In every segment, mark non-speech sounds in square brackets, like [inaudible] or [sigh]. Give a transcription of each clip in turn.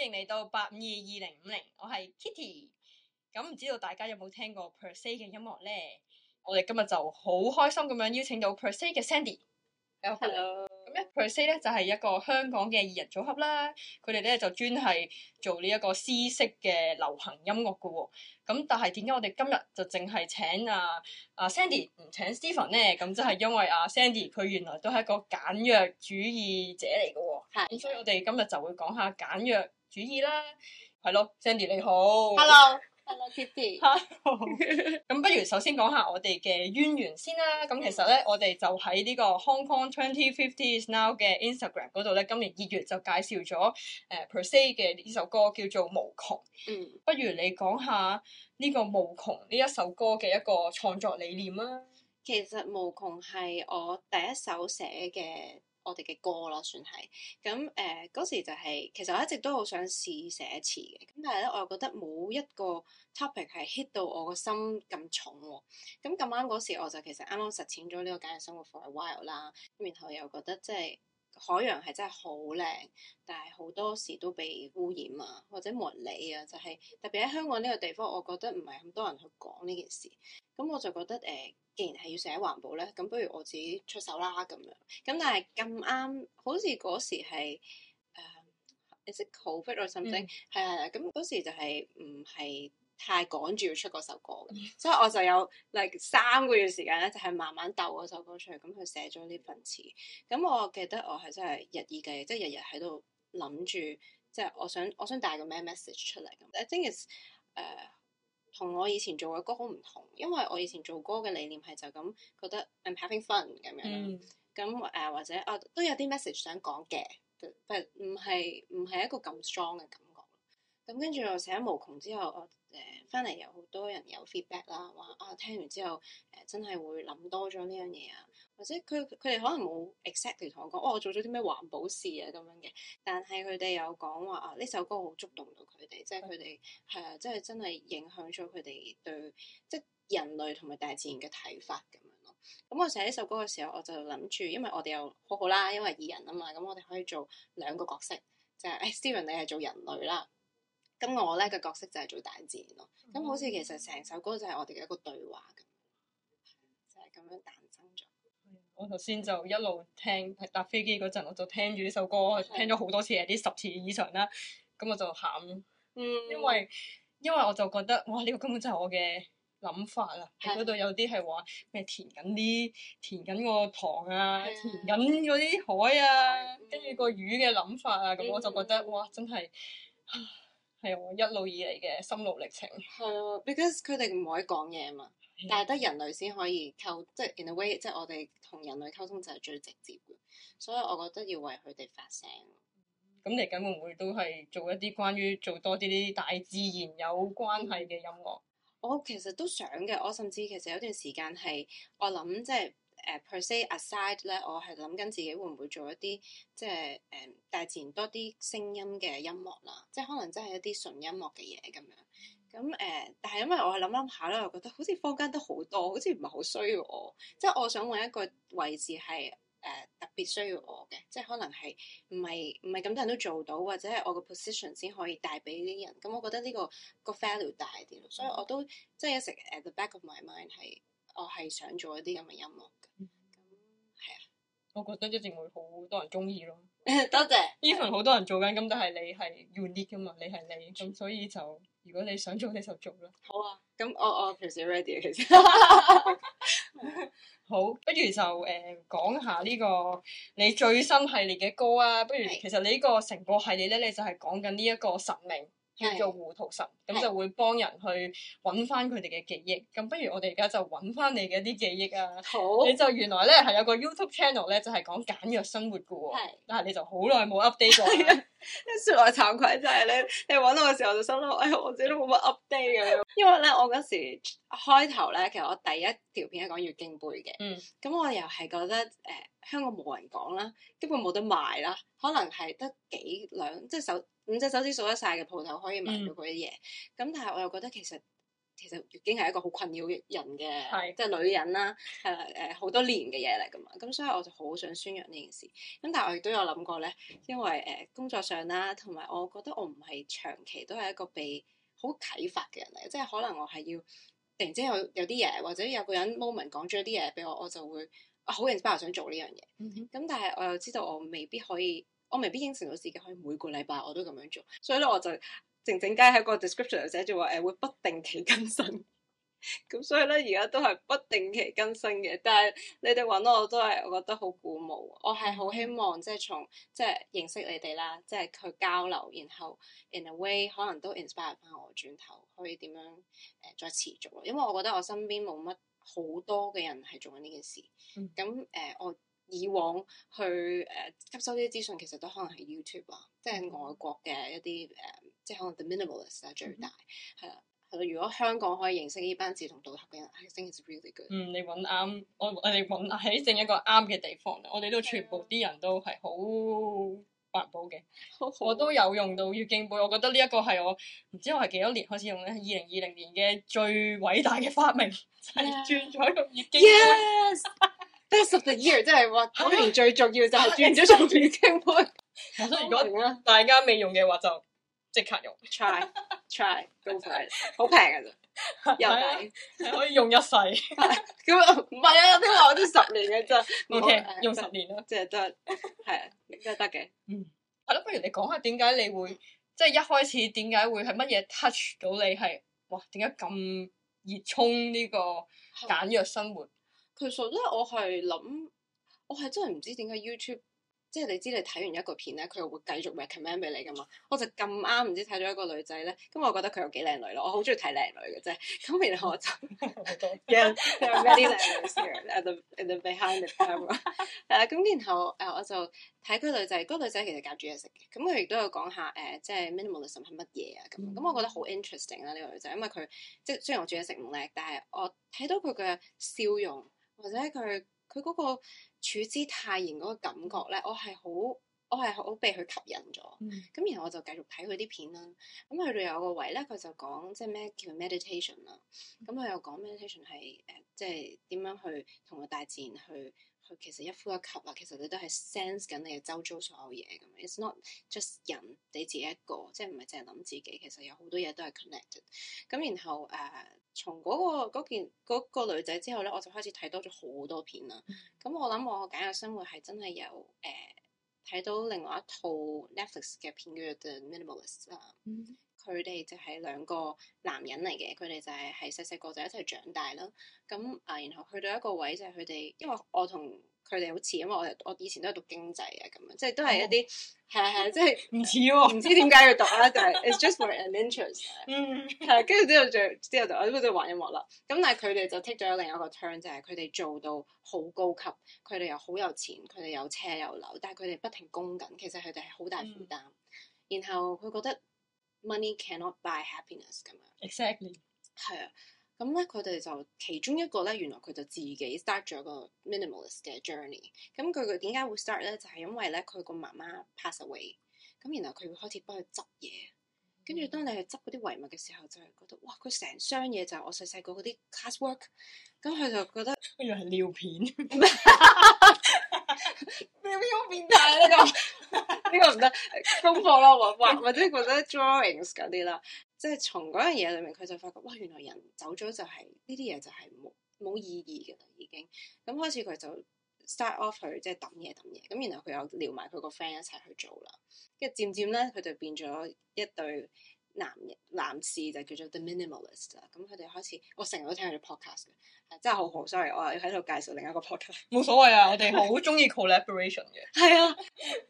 歡迎嚟到八五二二零五零，我係 Kitty。咁唔知道大家有冇聽過 per se 嘅音樂咧？我哋今日就好開心咁樣邀請到 per se 嘅 Sandy。Hello，咁咧 per se 咧就係一個香港嘅二人組合啦。佢哋咧就專係做呢一個詩式嘅流行音樂噶。咁但係點解我哋今日就淨係請啊啊 Sandy 唔請 Steven 咧？咁即係因為啊 Sandy 佢原來都係一個簡約主義者嚟噶。係。咁所以我哋今日就會講下簡約。主意啦，係咯，Sandy 你好 Hello，Hello Kitty 好。咁 Hello , [laughs] [laughs] 不如首先講下我哋嘅淵源先啦。咁其實咧，我哋就喺呢個 Hong Kong 2050 is Now 嘅 Instagram 嗰度咧，今年二月就介紹咗誒、uh, per se 嘅呢首歌叫做《無窮》。嗯，不如你講下呢個《無窮》呢一首歌嘅一個創作理念啦。其實《無窮》係我第一首寫嘅，我哋嘅歌啦，算係咁誒，嗰、呃、時就係、是、其實我一直都好想試寫詞嘅，咁但係咧，我又覺得冇一個 topic 係 hit 到我個心咁重喎、哦，咁咁啱嗰時我就其實啱啱實踐咗呢、這個簡約生活 for a while 啦，然後又覺得即、就、係、是。海洋係真係好靚，但係好多時都被污染啊，或者冇人理啊，就係、是、特別喺香港呢個地方，我覺得唔係咁多人去講呢件事。咁我就覺得誒、呃，既然係要寫環保咧，咁不如我自己出手啦咁樣。咁但係咁啱，好似嗰時係誒，你識 COVID or something 啊，甚至係係啊，咁嗰時就係唔係太趕住要出嗰首歌嘅，所以我就有，like 三個月時間咧，就係慢慢鬥嗰首歌出嚟。咁佢寫咗呢份詞，咁我記得我係真係日以繼夜，即係日日喺度諗住，即係我想我想帶個咩 message 出嚟。I think is uh, 同我以前做嘅歌好唔同，因為我以前做歌嘅理念係就咁覺得 I'm having fun 咁樣，咁誒、mm. 嗯、或者啊都有啲 message 想講嘅，但係唔係唔係一個咁 strong 嘅感咁跟住我寫《無窮》之後，我誒翻嚟有好多人有 feedback 啦，話啊聽完之後誒、啊、真係會諗多咗呢樣嘢啊，或者佢佢哋可能冇 exactly 同我講，哇、哦！我做咗啲咩環保事啊咁樣嘅，但係佢哋有講話啊呢首歌好觸動到佢哋，嗯、即係佢哋係啊，即係真係影響咗佢哋對即係人類同埋大自然嘅睇法咁樣咯。咁我寫呢首歌嘅時候，我就諗住，因為我哋又好好啦，因為二人啊嘛，咁我哋可以做兩個角色，就係誒、Steven，你係做人類啦。咁我咧嘅角色就係做大自然咯。咁、mm hmm. 好似其實成首歌就係我哋嘅一個對話咁，就係咁樣誕生咗。我頭先就一路聽，係搭飛機嗰陣，我就聽住呢首歌，是聽咗好多次，有啲十次以上啦。咁我就喊，嗯、因為因為我就覺得哇！呢、這個根本就係我嘅諗法啊。喺嗰度有啲係話咩填緊啲填緊個塘啊，填緊嗰啲海啊，跟住個魚嘅諗法啊，咁我就覺得哇！真係。 [laughs] 係我一路以嚟嘅心路歷程。係啊，because 佢哋唔可以講嘢啊嘛，但係得人類先可以溝，即係 in a way，即係我哋同人類溝通就係最直接嘅，所以我覺得要為佢哋發聲。咁嚟緊會唔會都係做一啲關於做多啲呢啲大自然有關係嘅音樂？我其實都想嘅，我甚至其實有段時間係我諗即係。誒、uh, per se aside 咧，我係諗緊自己會唔會做一啲即係誒大自然多啲聲音嘅音樂啦，即、就、係、是、可能真係一啲純音樂嘅嘢咁樣。咁誒，uh, 但係因為我係諗諗下咧，我覺得好似坊間都好多，好似唔係好需要我。即、就、係、是、我想搵一個位置係誒、uh, 特別需要我嘅，即、就、係、是、可能係唔係唔係咁多人都做到，或者係我個 position 先可以帶俾啲人。咁我覺得呢、這個、那個 value 大啲咯，所以我都即係一直 at the back of my mind 係我係想做一啲咁嘅音樂。我覺得一定會好多人中意咯，多 [laughs] 謝,謝。even 好多人做緊，咁但係你係 unique 噶嘛，你係你，咁所以就如果你想做你就做啦。好啊，咁我我平時 ready 其實。 [laughs] [laughs] [laughs] 好，不如就誒講、呃、下呢個你最新系列嘅歌啊，不如是其實你呢個成部系列咧，你就係講緊呢一個使命。叫做胡桃神，咁就會幫人去揾翻佢哋嘅記憶。咁不如我哋而家就揾翻你嘅啲記憶啊！好，你就原來咧係有個 YouTube channel 咧，就係、是、講簡約生活嘅喎。係是，但係你就好耐冇 update 過。 [laughs] 說來慚愧，就係、是、咧，你揾我嘅時候就心諗，哎呀，我自己都冇乜 update 嘅。 [laughs] 因為咧，我嗰時開頭咧，其實我第一條片係講月經杯嘅。嗯。咁我又係覺得，誒、呃，香港冇人講啦，根本冇得賣啦，可能係得幾兩，即係手，五隻手指數得晒嘅鋪頭可以賣到嗰啲嘢。咁、嗯，但係我又覺得其實。其實月經係一個好困擾人嘅，的即係女人啦，係誒好多年嘅嘢嚟㗎嘛。咁所以我就好想宣揚呢件事。咁但係我亦都有諗過咧，因為誒工作上啦，同埋我覺得我唔係長期都係一個被好啟發嘅人嚟，即係可能我係要突然之間有啲嘢，或者有個人 moment 講咗啲嘢俾我，我就會好、啊、認真，想做呢樣嘢。咁、嗯、哼但係我又知道我未必可以，我未必應承到自己可以每個禮拜我都咁樣做。所以咧，我就。靜靜雞喺個 description 又寫住話，誒、欸、會不定期更新，咁 [laughs] 所以咧而家都係不定期更新嘅。但係你哋揾我都係，我覺得好鼓舞。Mm hmm. 我係好希望即係從即係認識你哋啦，即、就、係、是、去交流，然後 in a way 可能都 inspire 返我轉頭可以點樣誒、呃、再持續咯。因為我覺得我身邊冇乜好多嘅人係做緊呢件事，咁誒、mm hmm. 呃、我。以往去誒、uh, 吸收呢啲資訊，其實都可能係 YouTube 啊，即係外國嘅一啲誒，um, 即係可能 The Minimalist 啊，最大係啦係啦。如果香港可以認識呢班志同道合嘅人，I think it's really good。嗯，你揾啱我我哋揾喺正一個啱嘅地方，我哋都全部啲人都係好環保嘅，Yeah. 我都有用到月經杯，我覺得呢一個係我唔知我係幾多年開始用咧，二零二零年嘅最偉大嘅發明係、就是、轉咗用月經杯。Yes, Yeah . [laughs] 呢十年 year 即係話，可能最重要就係專注上邊清盤。所以如果大家未用嘅話，就即刻用，try try 都好平嘅啫，又抵，可以用一世。咁唔係啊？有啲話我都十年嘅，okay, uh, 就，ok 用十年咯，即係得。係啊，應該得嘅。嗯，係咯。Mm. 不如你講下點解你會，即係一開始點解會係乜嘢 touch 到你？係哇，點解咁熱衷呢個簡約生活？佢熟，因為我係諗，我係真係唔知點解 YouTube，即係你知你睇完一個片咧，佢又會繼續 recommend 俾你噶嘛。我就咁啱唔知睇咗一個女仔咧，咁我覺得佢有幾靚女咯。我好中意睇靚女嘅啫。咁然後我就啲靚女 at the at the behind the 咁然後誒我就睇嗰個女仔，嗰個女仔其實教煮嘢食嘅。咁佢亦都有講下誒，即係 minimalism 係乜嘢啊咁。咁、就是、我覺得好 interesting 啦、啊、呢、呢個女仔，因為佢即係雖然我煮嘢食唔叻，但係我睇到佢嘅笑容。或者佢佢，個個處之泰然嗰個感覺咧，我係好我係好被佢吸引咗。咁、mm hmm. 然後我就繼續睇佢啲片啦。咁去到有個位咧，佢就講即係咩叫 meditation 啦。咁佢又講 meditation 係誒，即係點樣去同個大自然去去其實一呼一吸啦。其實你都係 sense 緊你嘅周遭所有嘢嘅。Mm hmm. It's not just 人你自己一個，即係唔係淨係諗自己。其實有好多嘢都係 connected。咁然後誒。Uh, 從嗰、那個件嗰、那個那個、女仔之後咧，我就開始睇多咗好多片啦。咁、mm hmm. 嗯、我諗我簡約生活係真係有誒睇、呃、到另外一套 Netflix 嘅片叫做《The Minimali、嗯、st》啦、mm。佢、hmm. 哋就係兩個男人嚟嘅，佢哋就係喺細細個就一齊長大啦。咁、嗯、啊、嗯，然後去到一個位就係佢哋，因為我同。佢哋好似，因為我我以前都係讀經濟啊，咁樣即係都係一啲係係，即係唔似喎，唔我 [laughs] 知點解要讀啦、 [laughs] 嗯， [laughs] 就係 it's just for an interest 嗯，係，跟住之後就之後就我呢個玩音樂啦。咁但係佢哋就 take 咗另一個 turn，就係佢哋做到好高級，佢哋又好有錢，佢哋有車有樓，但係佢哋不停供緊，其實佢哋係好大負擔。嗯、然後佢覺得 money cannot buy happiness 咁樣，exactly 係啊。嗯咁咧，佢哋就其中一個咧，原來佢就自己 start 咗個 minimalist 嘅 journey。咁佢佢點解會 start 咧？就係、是、因為咧，佢個媽媽 pass away。咁然後佢開始幫佢執嘢。跟住、嗯，當你去執嗰啲遺物嘅時候，就係覺得哇！佢成箱嘢就係我細細個嗰啲 classwork。咁佢就覺得，原來係尿片。尿片好變態呢，啊呢個呢 [laughs] 個唔得，功課咯，或或者或者 drawings 嗰啲啦。即係從嗰樣嘢裏面，佢就發覺，哇！原來人走咗就係呢啲嘢就係冇冇意義嘅啦，已經。咁開始佢就 start off 佢，即係抌嘢抌嘢。咁然後佢又撩埋佢個 friend 一齊去做啦。跟住漸漸咧，佢就變咗一對。男人男士就叫做 The Minimalist 啦，咁佢哋開始，我成日都聽佢哋 podcast 嘅，真係好好。sorry，我又要喺度介紹另一個 podcast，冇所謂啊，我哋好中意 collaboration 嘅。係啊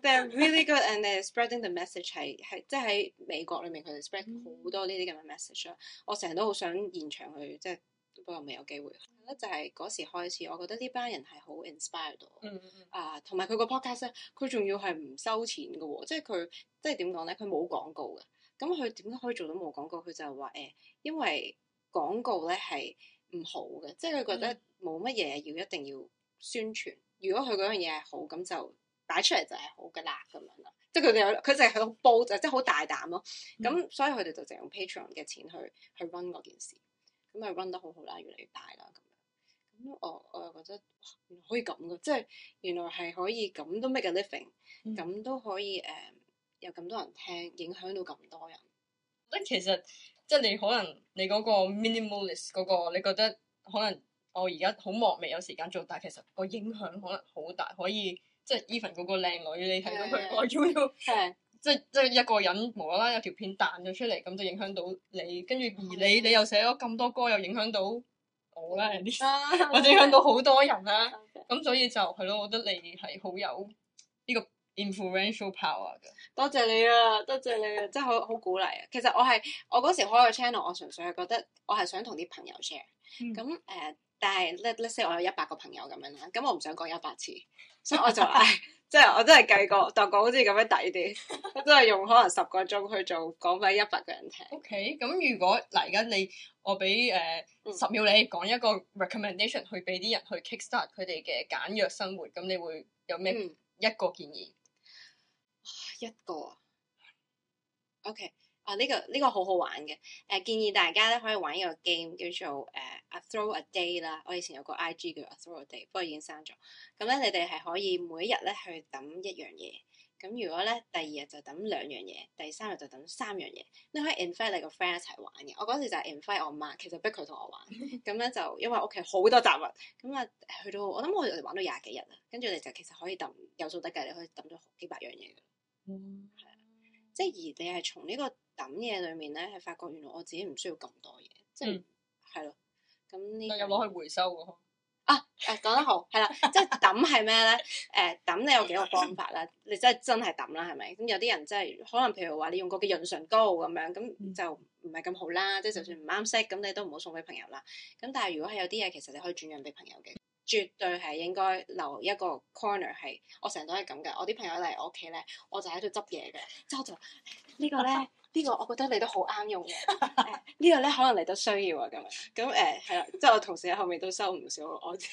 ，They're really good and they're spreading the message，係係，即係喺美國裏面佢哋 spread 好多呢啲咁嘅 message 啊。我成日都好想現場去，即係不過未有機會。我覺得就係嗰時開始，我覺得呢班人係好 inspired 到。嗯嗯嗯。啊，同埋佢個 podcast 咧，佢仲要係唔收錢嘅，即係佢即係點講咧，佢冇廣告嘅。咁佢點解可以做到冇廣告？佢就係話誒，因為廣告咧係唔好嘅，即係佢覺得冇乜嘢要一定要宣傳。嗯、如果佢嗰樣嘢係好，咁就擺出嚟就係好噶啦咁樣啦。即係佢哋有佢就係好報，就即係好大膽咯。咁、嗯、所以佢哋就淨用 Patreon 嘅錢去去 run 嗰件事，咁咪 run 得好好啦，越嚟越大啦咁樣。咁我我又覺得可以咁噶，即係原來係可以咁都 make a living，咁、嗯、都可以誒。Uh, 有咁多人聽，影響到咁多人，覺得其實即係你可能你嗰個 minimalist 嗰、嗰個，你覺得可能我而家好忙未有時間做，但係其實個影響可能好大，可以即係 even 嗰個靚女你睇到佢我要即係即係一個人無啦啦有條片彈咗出嚟，咁就影響到你，跟住而你、oh, okay. 你又寫咗咁多歌，又影響到我啦， [laughs] 或者影響到好多人啦、啊，咁 Okay. 所以就係咯，我覺得你係好有呢、呢個。influential power 嘅，多謝你啊，多謝你啊，真係好好鼓勵啊！其實我係我嗰時開個 channel，我純粹係覺得我係想同啲朋友 share。咁誒、嗯嗯，但係 let's say 我有一百個朋友咁樣啦，咁我唔想講一百次，所以我就唉，即係、 [laughs] 哎、我真係計過，當講好似咁樣抵啲，真係用可能十個鐘去做講俾一百個人聽。OK，咁如果嗱而家你我俾誒十秒你講一個 recommendation 去俾啲人去 kickstart 佢哋嘅簡約生活，咁你會有咩一個建議？嗯一個啊，OK 啊呢、這個呢、這個好好玩嘅，誒、呃、建議大家咧可以玩一個 game 叫做誒、呃、A Throw a Day 啦。我以前有個 IG 叫 A Throw a Day，不過已經刪咗。咁咧你哋係可以每一日咧去揼一樣嘢。咁如果咧第二日就揼兩樣嘢，第三日就揼三樣嘢。你可以 invite 你個 friend 一齊玩嘅。我嗰時就係 invite 我媽，其實逼佢同我玩。咁咧 [laughs] 就因為屋企好多雜物，咁啊去到我諗我哋玩到廿幾日啦。跟住你就其實可以揼有數得計，你可以揼咗幾百樣嘢。係啊，即係、嗯、而你係從呢個抌嘢裏面咧，係發覺原來我自己唔需要咁多嘢，即係係咯，咁呢有冇攞去回收喎啊！誒、啊，講、啊、得好，係啦， [laughs] 即係抌係咩咧？誒、啊，抌你有幾個方法咧？你真係真係抌啦，係咪？咁有啲人真、就、係、是、可能，譬如話你用過嘅潤唇膏咁樣，咁就唔係咁好啦。即係就算唔啱色，咁、嗯、你都唔好送俾朋友啦。咁但係如果係有啲嘢，其實你可以轉讓俾朋友嘅。絕對係應該留一個 corner 係，我成日都係咁嘅。我啲朋友嚟我屋企咧，我就喺度執嘢嘅。之後就呢個咧，呢個我覺得你都好啱用嘅。呢個咧可能你都需要啊，今日咁誒係啦。即係我同事喺後面都收唔少我知，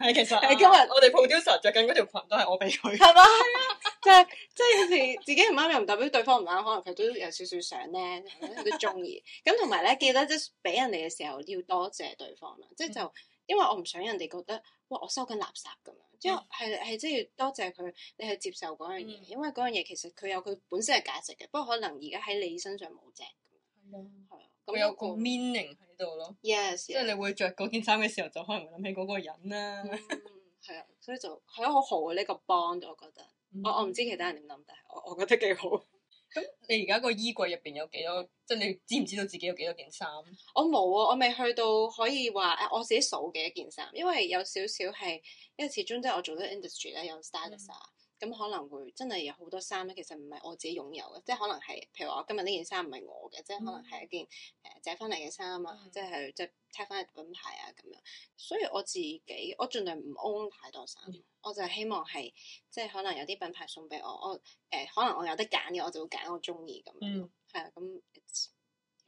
係 [laughs] 其實今日我哋 producer 著緊嗰條裙都係我俾佢。係嘛？係啊，即係即係有時自己唔啱又唔代表對方唔啱，可能佢都有少少想咧，佢都中意。咁同埋咧，記得即係俾人哋嘅時候要多謝對方啦，即係就是。 [laughs] 因為我唔想人哋覺得，哇！我收緊垃圾咁樣，之後係係即係多謝佢，你去接受嗰樣嘢，mm. 因為嗰樣嘢其實佢有佢本身嘅價值嘅，不過可能而家喺你身上冇值，係啊 Yeah.，係啊、那個，咁有個 meaning 喺度咯。Yes, yes. 即係你會着嗰件衫嘅時候，就可能會諗起嗰個人啦。係啊、mm. [laughs] 所以就係好好嘅呢個 bond，我覺得。Mm. Oh, 我我唔知其他人點諗，但係我我覺得幾好。咁你而家個衣櫃入邊有幾多？即係你知唔知道自己有幾多件衫？我冇啊，我未去到可以話誒，我自己數嘅一件衫，因為有少少係，因為始終即係我做咗 industry 咧，有 stylist 啊。咁可能會真係有好多衫咧，其實唔係我自己擁有嘅，即係可能係，譬如話我今日呢件衫唔係我嘅，即係、mm. 可能係一件誒、呃、借翻嚟嘅衫啊，即係即係拆翻嚟嘅品牌啊咁樣。所以我自己我盡量唔 own 太多衫，mm. 我就希望係即係可能有啲品牌送俾我，我誒、呃、可能我有得揀嘅，我就會揀我中意咁樣，係啊咁。嗯嗯。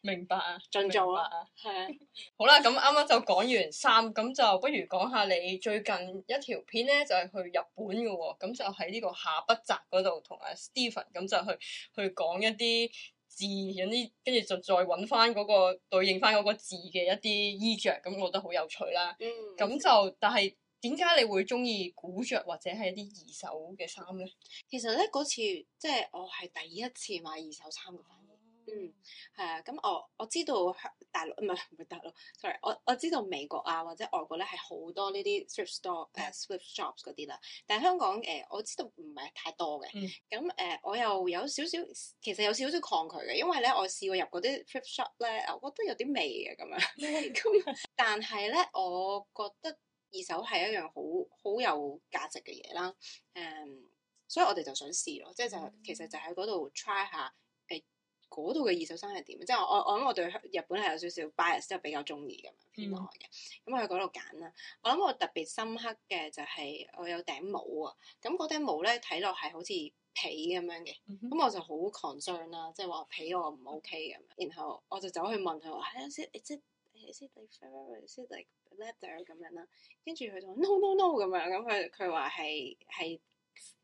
明白啊，進做啊，係啊， [laughs] [laughs] 好啦，咁啱啱就講完衫，咁就不如講下你最近一條片咧，就係、是、去日本嘅喎、哦，咁就喺呢個下北澤嗰度同阿、啊、Steven 咁就去去講一啲字嗰啲，跟住就再揾翻嗰個對應翻嗰個字嘅一啲衣着。咁我覺得好有趣啦。嗯，咁就但係點解你會中意古著，或者係一啲二手嘅衫咧？其實咧嗰次即係、就是、我係第一次買二手衫。嗯，係、嗯、啊，咁、嗯、我、嗯嗯、我知道香港大陸唔係唔係大陸，sorry，我我知道美國啊或者外國咧係好多呢啲 thrift store 誒、uh, thrift shops 嗰啲啦，但係香港誒、呃、我知道唔係太多嘅，咁、嗯、誒、嗯呃、我又有少少其實有少少抗拒嘅，因為咧我試過入嗰啲 thrift shop 咧，我覺得有啲味嘅咁樣，咁， [laughs] [laughs] 但係咧我覺得二手係一樣好好有價值嘅嘢啦，誒、um,，所以我哋就想試咯，即係就其實就喺嗰度 try 下。嗰度嘅二手衫係點，即係我我我諗我對日本係有少少 bias，即係比較中意嘅偏愛嘅。咁喺嗰度揀啦，我諗我，我特別深刻嘅就係我有頂帽啊。咁嗰頂帽咧睇落係好似皮咁樣嘅，咁、mm hmm. 嗯、我就好 concern 啦，即係話皮我唔 OK 嘅。然後我就走去問佢話係，Is it Is it Is it like fur？Is it like leather 咁樣啦？跟住佢就 no no no 咁樣，咁佢佢話係係。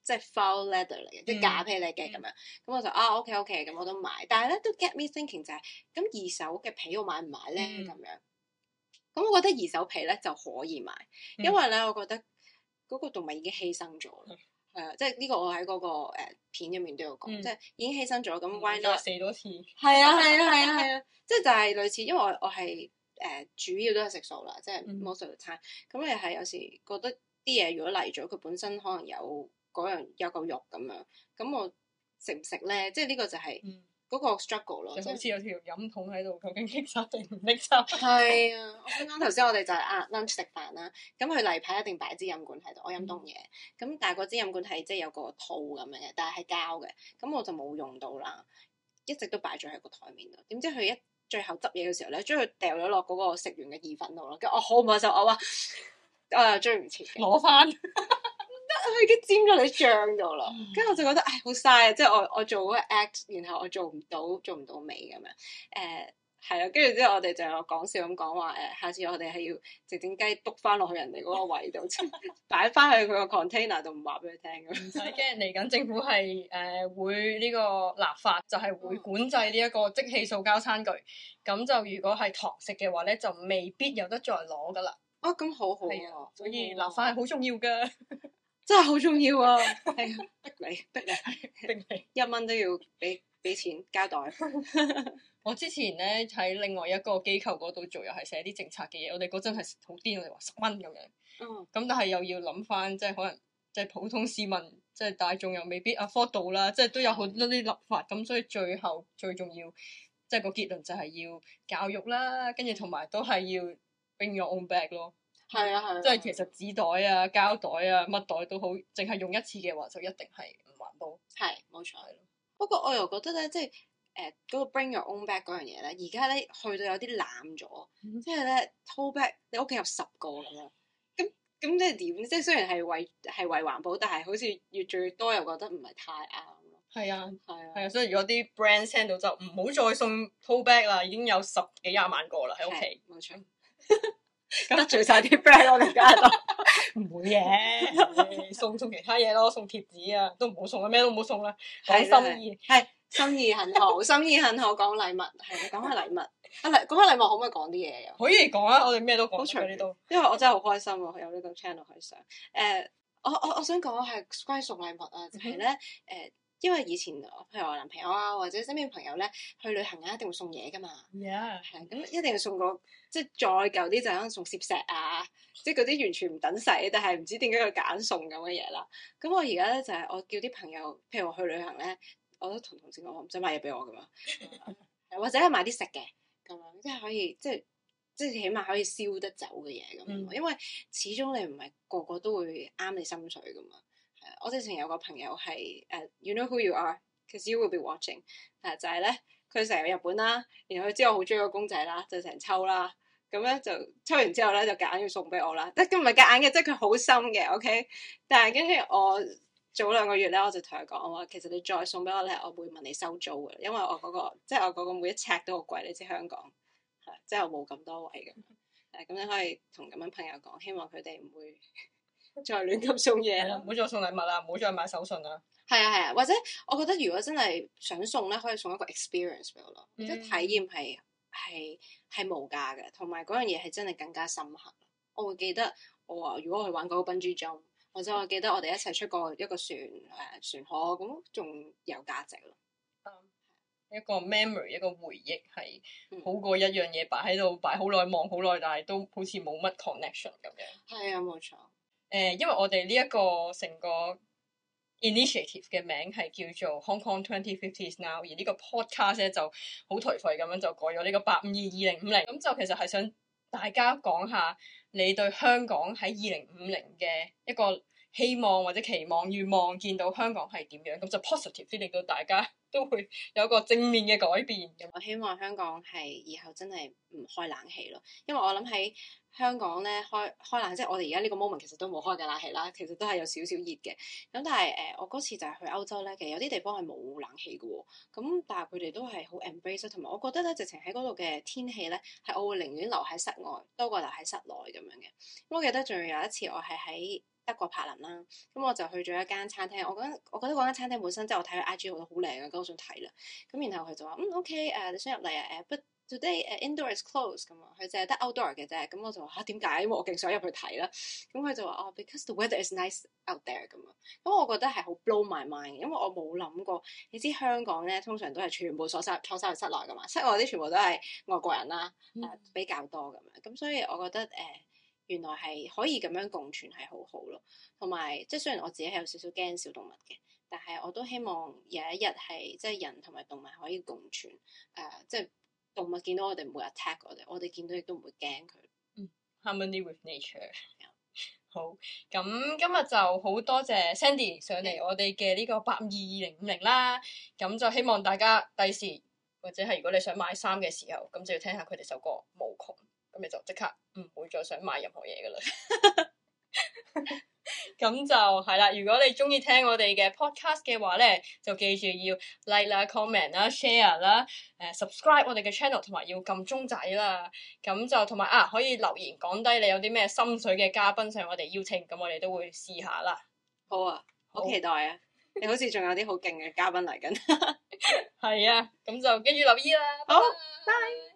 即係 faux leather 嚟嘅，即係假皮嚟嘅咁樣，咁我就啊，OK OK，咁我都買。但係咧都 get me thinking 就係，咁二手嘅皮我買唔買咧？咁樣，咁我覺得二手皮咧就可以買，因為咧我覺得嗰個動物已經犧牲咗，係啊，即係呢個我喺嗰個誒片入面都有講，即係已經犧牲咗。咁彎到死多次，係啊係啊係啊係啊，即係就係類似，因為我我係誒主要都係食素啦，即係 mozzarella，咁你係有時覺得啲嘢如果嚟咗，佢本身可能有。嗰樣有嚿肉咁樣，咁我食唔食咧？即係呢個就係嗰個 struggle 咯、嗯，就好、是、似有，有條飲筒喺度，究竟拎走定唔拎走？係啊 [laughs] ，我啱啱頭先我哋就係啊 lunch 食飯啦，咁佢例牌一定擺支飲管喺度，我飲凍嘢。咁、嗯、但係嗰支飲管係即係有個套咁樣嘅，但係係膠嘅。咁我就冇用到啦，一直都擺咗喺個台面度。點知佢一最後執嘢嘅時候咧，將佢掉咗落嗰個食完嘅意粉度啦。跟我、哦、好唔好？就我話我， [laughs] 我又追唔切，攞翻。 [laughs] 佢 [noise] 已經沾咗你醬度啦，跟住我就覺得唉好嘥啊！即係我我做嗰個 act，然後我做唔到，做唔到尾咁樣誒，係、呃、啦。跟住之後我哋就講笑咁講話誒，下次我哋係要整整雞篤翻落去人哋嗰個位度，擺翻去佢個 container 度，唔話俾佢聽咁。跟住嚟緊政府係誒、呃、會呢個立法，就係會管制呢一個即棄塑膠餐具。咁、嗯、就如果係堂食嘅話咧，就未必有得再攞噶啦。哦、啊，咁好好啊！所以立法係好重要噶。 [laughs] 真係好重要啊！ [laughs] 逼你，逼你，逼你，一蚊都要俾俾錢交代。 [laughs] [laughs] 我之前咧喺另外一個機構嗰度做，又係寫啲政策嘅嘢。我哋嗰陣係好癲，我哋話十蚊咁樣。嗯。咁但係又要諗翻，即係可能即係普通市民，即係大眾又未必 accept 到啦。即係都有好多啲立法咁，所以最後最重要，即係個結論就係要教育啦。跟住同埋都係要 bring your own bag 咯。係啊，係，即係其實紙袋啊、膠袋啊、乜袋都好，淨係用一次嘅話就一定係唔環保。係，冇錯。不過我又覺得咧，即係誒嗰個 bring your own bag 嗰樣嘢咧，而家咧去到有啲濫咗，即係咧 tote bag 你屋企有十個咁樣，咁咁即係點？即係雖然係為係為環保，但係好似越做越多又覺得唔係太啱咯。係啊，係啊，所以如果啲 brand send 到就唔好再送 tote bag 啦，已經有十幾廿萬個啦喺屋企，冇錯。得罪晒啲 friend 我哋的而家都唔會嘅。送送其他嘢咯，送貼紙啊， [laughs] 都唔好送啦，咩都唔好送啦，係心意，係 [laughs] 心意很好，心意很好，講禮物係講 [laughs] 下禮物，啊禮講開禮物可唔可以講啲嘢噶？可以講啊，我哋咩都講喺呢度，因為我真係好開心、啊，有呢個 channel 去上、uh,。誒，我我我想講係關送禮物啊，就係咧誒。因為以前譬如我男朋友啊，或者身邊朋友咧去旅行啊，一定會送嘢噶嘛，係咁 Yeah. 一定要送個即係再舊啲就可能送攝石啊，即係嗰啲完全唔等使，但係唔知點解要揀送咁嘅嘢啦。咁我而家咧就係我叫啲朋友，譬如我去旅行咧，我都同同事講，我唔想買嘢俾我噶嘛，或者係買啲食嘅咁樣，即係可以即係即係起碼可以燒得走嘅嘢咁樣，嗯、因為始終你唔係個，個個都會啱你心水噶嘛。 [laughs] 我之前有個朋友係誒，you know who you are，cause you will be watching，誒、啊、就係、是、咧，佢成日去日本啦，然後佢知我好中意個公仔啦，就成抽啦，咁、啊、咧就抽完之後咧就夾硬要送俾我啦，得咁唔係夾硬嘅，即係佢好心嘅，OK 但，但係跟住我早兩個月咧，我就同佢講我話，其實你再送俾我咧，我會問你收租嘅，因為我嗰、那個即係我嗰個每一尺都好貴，你知香港，係、啊、即係我冇咁多位嘅。誒、啊、咁你可以同咁樣朋友講，希望佢哋唔會。就係亂咁送嘢啦，唔好、嗯、再送禮物啦，唔好再買手信啦。係啊係啊，或者我覺得，如果真係想送咧，可以送一個 experience 俾我咯，即係、嗯、體驗係係係無價嘅，同埋嗰樣嘢係真係更加深刻。我會記得我話、哦，如果我去玩嗰個 Bungee Jump，或者我記得我哋一齊出過一個船誒、啊、船河，咁仲有價值咯、嗯啊。一個 memory，一個回憶係好過一樣嘢擺喺度，擺好耐，望好耐，但係都好似冇乜 connection 咁樣。係啊，冇錯。誒，因為我哋呢一個成個 initiative 嘅名係叫做 Hong Kong 2050 is Now，而呢個 podcast 咧就好頹廢咁樣就改咗呢個八五二二零五零，咁就其實係想大家講下你對香港喺二零五零嘅一個希望或者期望願望，見到香港係點樣，咁就 positively，令到大家。都會有一個正面嘅改變咁。我希望香港係以後真係唔開冷氣咯，因為我諗喺香港咧開開冷氣即係、就是、我哋而家呢個 moment 其實都冇開緊冷氣啦，其實都係有少少熱嘅。咁但係誒、呃，我嗰次就係去歐洲咧，其實有啲地方係冇冷氣嘅喎，咁但係佢哋都係好 embrace，同埋我覺得咧，直情喺嗰度嘅天氣咧，係我會寧願留喺室外多過留喺室內咁樣嘅。我記得仲有一次，我係喺。德國柏林啦，咁我就去咗一間餐廳，我覺得我覺得嗰間餐廳本身即係我睇 I G 覺得好靚啊，咁我想睇啦，咁然後佢就話嗯 O K 誒，你想入嚟啊？But today 誒，indoor is closed 咁啊，佢淨係得 outdoor 嘅啫，咁我就話吓點解？因為我勁想入去睇啦，咁佢就話哦，because the weather is nice out there 咁啊，咁我覺得係好 blow my mind，因為我冇諗過，你知香港咧通常都係全部坐晒坐晒喺室內噶嘛，室外啲全部都係外國人啦，比較多咁樣，咁所以我覺得誒。原來係可以咁樣共存係好好咯，同埋即係雖然我自己係有少少驚小動物嘅，但係我都希望有一日係即係人同埋動物可以共存，誒、呃、即係動物見到我哋唔會 attack 我哋，我哋見到亦都唔會驚佢。嗯、Harmony with nature. Yeah. 好，咁今日就好多謝 Sandy 上嚟我哋嘅呢個八二二零五零啦，咁就希望大家第時或者係如果你想買衫嘅時候，咁就要聽下佢哋首歌無窮。咪就即刻唔會再想買任何嘢噶啦，咁就係啦。如果你中意聽我哋嘅 podcast 嘅話咧，就記住要 like 啦、comment 啦、share 啦、誒、呃、subscribe 我哋嘅 channel，同埋要撳鐘仔啦。咁就同埋啊，可以留言講低你有啲咩心水嘅嘉賓想我哋邀請，咁我哋都會試下啦。好啊，好期待啊！你好似仲有啲好勁嘅嘉賓嚟緊，係？ [laughs] [laughs] [laughs] 啊，咁就跟住留意啦。好，拜拜。